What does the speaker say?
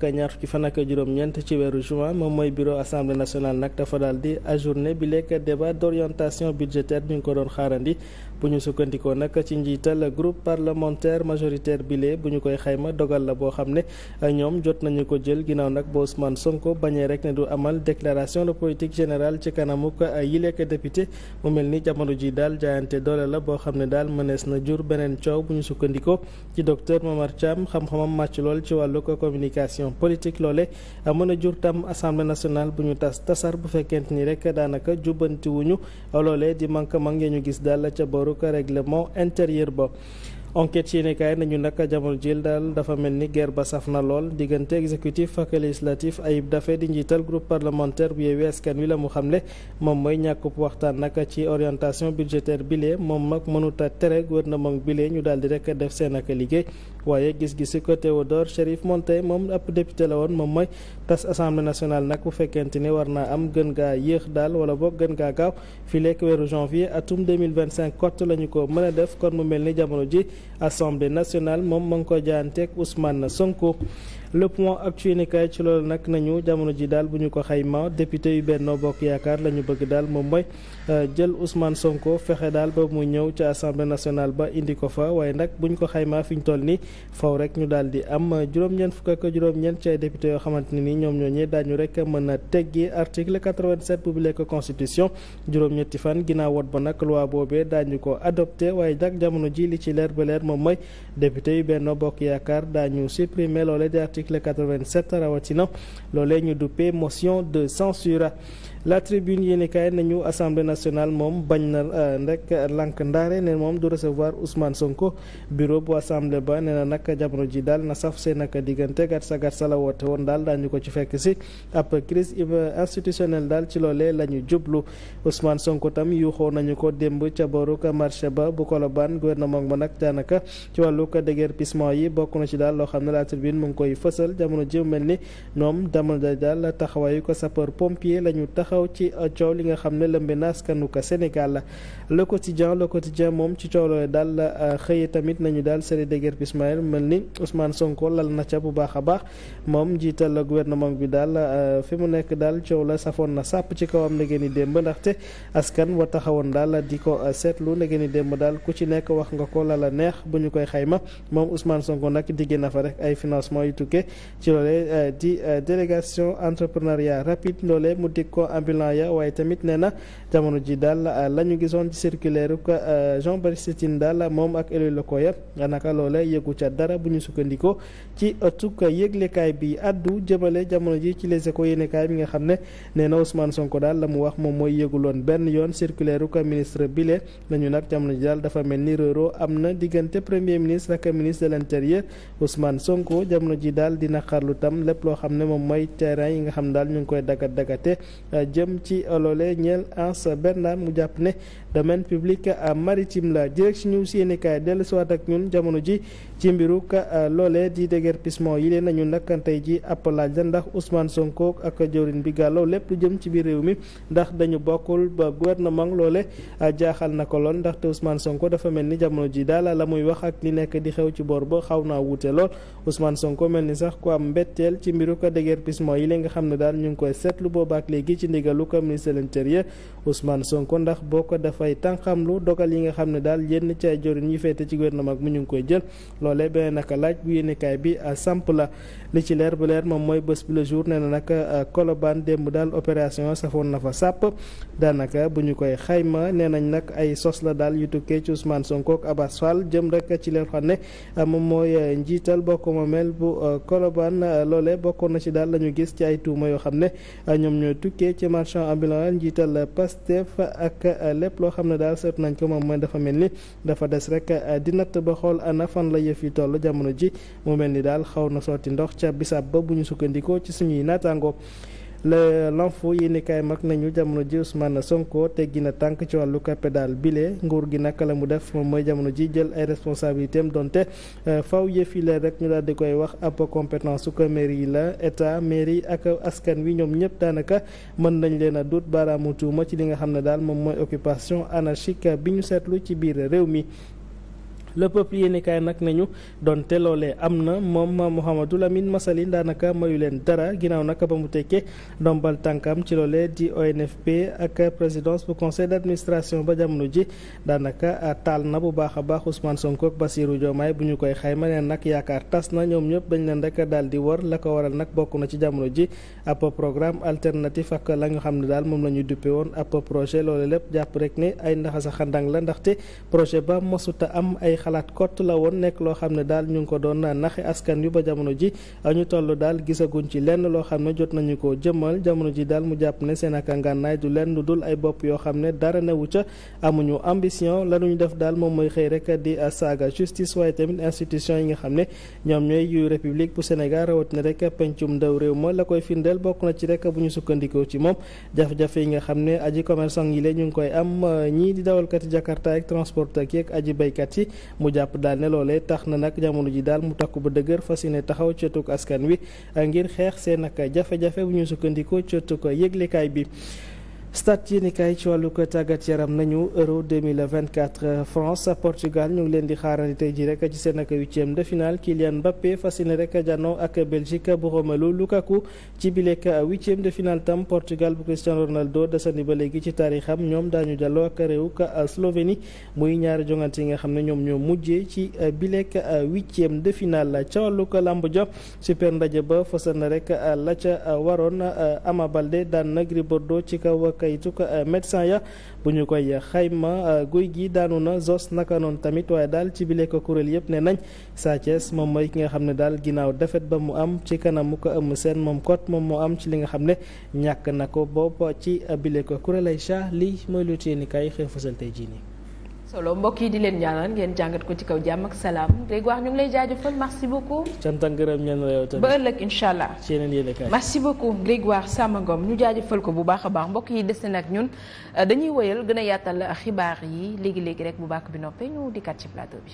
ak ñaar fukki fan ak juróom-ñeent ci weeru juin moom mooy bureau assemblée nationale nag dafa daal di ajourné bi lekk débat d' orientation bi ñu ko doon xaarandi bu ñu sukkandikoo nag ci njiita njiital groupe parlementaire majoritaire bile bu ñu koy xayma dogal la boo xam ne ñoom jot nañu ko jël ginnaaw nag ba Ousmane Sonko bañee rek ne du amal déclaration de politique générale ci kanamuk yileek député mu mel ni jamono ji daal jaayante doole la boo xam ne daal mënees na jur beneen coow bu ñu sukkandikoo ci docteur Momar Thiam xam-xamam màcc lool ci wàllu communication politique loole mën a jur tam assemblée nationale bu ñu tas tasar bu fekkente ni rek daanaka jubbantiwuñu loolee di manquement ya ñu gis daal ca boor accord ko règlement intérieur ba enquête yéene kaay nañu nag jamono jil daal dafa mel ni guerre ba saf na lool diggante exécutif ak législatif Ayib Daffé di njiital groupe parlementaire bi Yewwi Askan Wi la mu xamle moom mooy ñàkkub waxtaan nag ci orientation budgétaire bile moom mag mënuta tere gouvernement bile ñu daal di rek def seen ak liggéey waaye gis-gisi ko Théodore Chérif Monteil moom ab député la woon moom mooy tas assemblée national nag bu fekkente ni war naa am gën gaa yéex daal wala boog gën gaa gaaw fi lekk weeru janvier atum 2025 kott la ñu ko mën a def kon mu mel ni jamono ji assemblée nationale moom ma ngi ko jaanteeg Ousmane sonkoo le point actuel ni kay ci loolu nag nañu jamono ji daal bu ñu ko xayma député yu benn Bokk Yaakaar la bëgg daal moom may euh, jël Ousmane Sonko fexe daal ba mu ñëw ci assemblée nationale ba indi ko fa waaye nag bu ñu ko xaymaa fi ñu toll ni faw rek ñu daal di am juróom-ñeent fukk ak juróom-ñeent ci ay yoo xamante ne ni ñoom ñooñee daañu rek mën a teggi article 87 bu bile ko constitution juróom-ñetti fan ginnaaw woot ba nag loi boobee daañu ko adopté waaye nag jamono ji li ci leer ba leer moom mooy député yu Benno Yaakaar daañu article 87 rawatina loolee ñu duppee motion de censure la tribune yéenekaay nañu assemblée nationale moom bañ na euh, rek lank ndaare ne moom du recevoir Ousmane Sonko bureau bu assemblée ba ne na nag jamono ji daal na saf seen ak diggante gatsa gatsa la woote woon daal daañu ko ci fekk si ab crise institutionnelle daal ci loolee la ñu jublu Ousmane Sonko tam yuuxoo nañu ko démb ca boruk marché ba bu Colobane gouvernement ba nag daanaka ci wàllu ko déguerpissement yi bokk na ci daal loo xam ne la tribune mu ngi koy fësal jamono ji mel ni ñoom jamono taxaw euh, coow li nga xam ne lëmbe na askanu ka Sénégal la le quotidien le quotidien moom ci coow loolee daal euh, xëye tamit nañu daal série déguerpissement mel ni Ousmane Sonko lal na ca bu baax a baax moom jiital guvernement bi daal euh, fi mu nekk daal coow la safoon na sàpp ci kawam ndegeen i démb ndaxte askan wa taxawoon daal di ko seetlu ndegeen i démb daal ku ci nekk wax nga ko la la neex bu ñu koy xayma moom Ousmane Sonko nag diggee na fa rek ay financement yu tukkee di délégation ambulant ya waaye tamit nee na jamono ji daal euh, la ñu gisoon ci circulaire que euh, Jean Baptiste Tine daal moom ak Elou Lokoya naka loola yëgu ca dara bu ñu sukkandikoo ci ëttuk yëglekaay bi addu jëmale jamono ji ci les échos yéenekaay bi nga xam ne nee na Ousmane Sonko daal la mu wax moom mooy yëguloon benn yoon circulaire que ministre bile nañu nag jamono ji daal dafa mel ni réeroo am na diggante premier ministre ak ministre de l'intérieur Ousmane Sonko jamono ji daal dina xarlu tam lépp loo xam ne moom mooy terrain yi nga xam daal ñu ngi koy dagat dagate euh, jëm ci loole ñeel ans bernard mu jàpp ne domaine public euh, maritime la direct news yéenekaay dellu siwaat ak ñun jamono ji ci mbiru ka euh, loole di déguerpissement yi leen nañu nag tey ji app laaj la ndax Ousmane Sonko ak jawriñ bi gàllaw lépp jëm ci biir réew mi ndax dañu bokkul ba gouvernement loole euh, jaaxal na ko lool ndaxte Ousmane Sonko dafa mel ni jamono ji daal la muy wax ak li nekk di xew ci boor ba xaw naa wuute lool Ousmane Sonko mel ni sax ku am mbetteel ci mbiru ka yi leen xam ne daal ñu ndigalu ko ministre de l'intérieur Ousmane Sonko ndax boo ko dafay tànqamlu dogal yi nga xam ne daal yenn ci ay jorin yi féete ci gouvernement mu ñu ngi koy jël loolee beneen naka laaj bu yéenekaay bi euh, samp la li ci leer bu leer moom mooy bés bi le jour nee na nag euh, démb daal opération safoon na fa sàpp daanaka bu ñu koy xayma nee nañ nag ay sos la daal yu tukkee ci Ousmane Sonko ak Abass Fall jëm rek ci leen xam ne euh, moom mooy njiital bokk moomeel bu Colobane loolee na ci daal la ñu gis ci ay comité marchand ambulant njiital Pastef ak lépp loo xam ne daal seet nañ ko moom mooy dafa mel ni dafa des rek di natt ba xool ana fan la yëf yi toll jamono ji mu mel ni daal xaw na sotti ndox ca bisaab ba bu ñu sukkandikoo ci suñuy naataangoo. le l'info yéeni kaay mag nañu jamono ji Ousmane Sonko teggi na tànk ci wàllu daal bile nguur gi naka la mu def moom mooy jamono ji jël ay responsabilités am donte euh, faw yëf yi la rek ñu daal di koy wax ab compétence su ko mairie yi la état mairie ak askan wi ñoom ñëpp daanaka mën nañ leen a duut baaraamu tuuma ci li nga xam ne daal moom mooy occupation anarchique bi ñu seetlu ci biir réew mi le peuple yéeni kaay nag nañu donte loolee am na moom Mouhamadou Lamine Massaline daanaka mayu leen dara ginnaaw nag ba mu tekkee ndombal tànkam ci loolee di ONFP ak présidence bu conseil d'administration ba jamono ji daanaka taal na bu baax a baax Ousmane Sonko ak Bassirou Diomaye bu ñu koy xayma neen nag yaakaar tas na ñoom ñëpp bañ leen rek daal di war la ko waral nag bokk na ci jamono ji ab programme alternatif ak la nga xam ne daal moom la ñu duppe woon ab projet lépp jàpp rek ne ay ndaxasa xandang la ndaxte projet ba xalaat kott la woon nekk loo xam ne daal ñu ngi ko doon naxe askan yu ba jamono ji ñu toll daal gisaguñ ci lenn loo xam ne jot nañu ko jëmmal jamono ji daal mu jàpp ne seen ak ngànnaay du lenn lu ay bopp yoo xam ne dara newu ca amuñu ambition lañu def daal moom mooy xëy rek di saaga justice waaye tamit institution yi nga xam ne ñoom ñooy yu république bu Sénégal rawatina rek pencum ndaw réew ma la koy findeel bokk na ci rek bu ñu sukkandikoo ci moom jafe-jafe yi nga xam ne aji commerçant yi la ñu ngi koy am ñii di dawalkati jakarta ak transporteur ak aji baykat yi mu jàpp daal ne loolee tax na nag jamono ji daal mu takku ba dëgër fas ne taxaw ceetug askan wi ngir xeex seen ak jafe-jafe bu ñu sukkandikoo ca tukk yëglekaay bi. stade yéenekaay ci wàllu ko tàggat yaram nañu euro France Portugal ñu ngi leen di xaarandi ji rek ci seen ak huitième de finale Kylian Mbappé fas yéene jànnoo ak Belgique bu Romelu Lukaku ci bilek huitième de finale tam Portugal bu Cristiano Ronaldo desandi ba léegi ci taarixam ñoom daañu jàlloo ak réew ka Slovénie muy ñaari jongante yi nga xam ne ñoom ñoo mujjee ci bilek huitième de finale ca wàllu ko làmb jop super ndaje ba fasal la ca waroon Ama Baldé daan na Gris saytuk euh, médecin ya bu ñu koy euh, xayma euh, guy gi daanu na zos naka noonu tamit waaye daal ci bile ko kuréel yëpp ne nañ Sa moom mooy ki nga xam ne daal ginnaaw defet ba mu am ci kanam mu ko ëmm seen moom kot moom mu am ci li nga xam ne ñàkk na ko bopp ci bile ko kuréel ay cha lii mooy lu téye ni tey jii nii solo mbokk yi di leen ñaanal ngeen jàngat ko ci kaw jàmm ak salaam Grégoire ñu ngi lay jaajëfal merci beaucoup. cant ak ngërëm ñenn ba ëllëg incha allah. ci yeneen yéen kaay merci beaucoup Grégoire Samba Ngom ñu jaajëfal ko bu baax a baax mbokk yi des na nag ñun dañuy woyal gën a yaatal xibaar yi léegi léegi rek bu baax bi noppee ñu dikkaat ci plateau bi.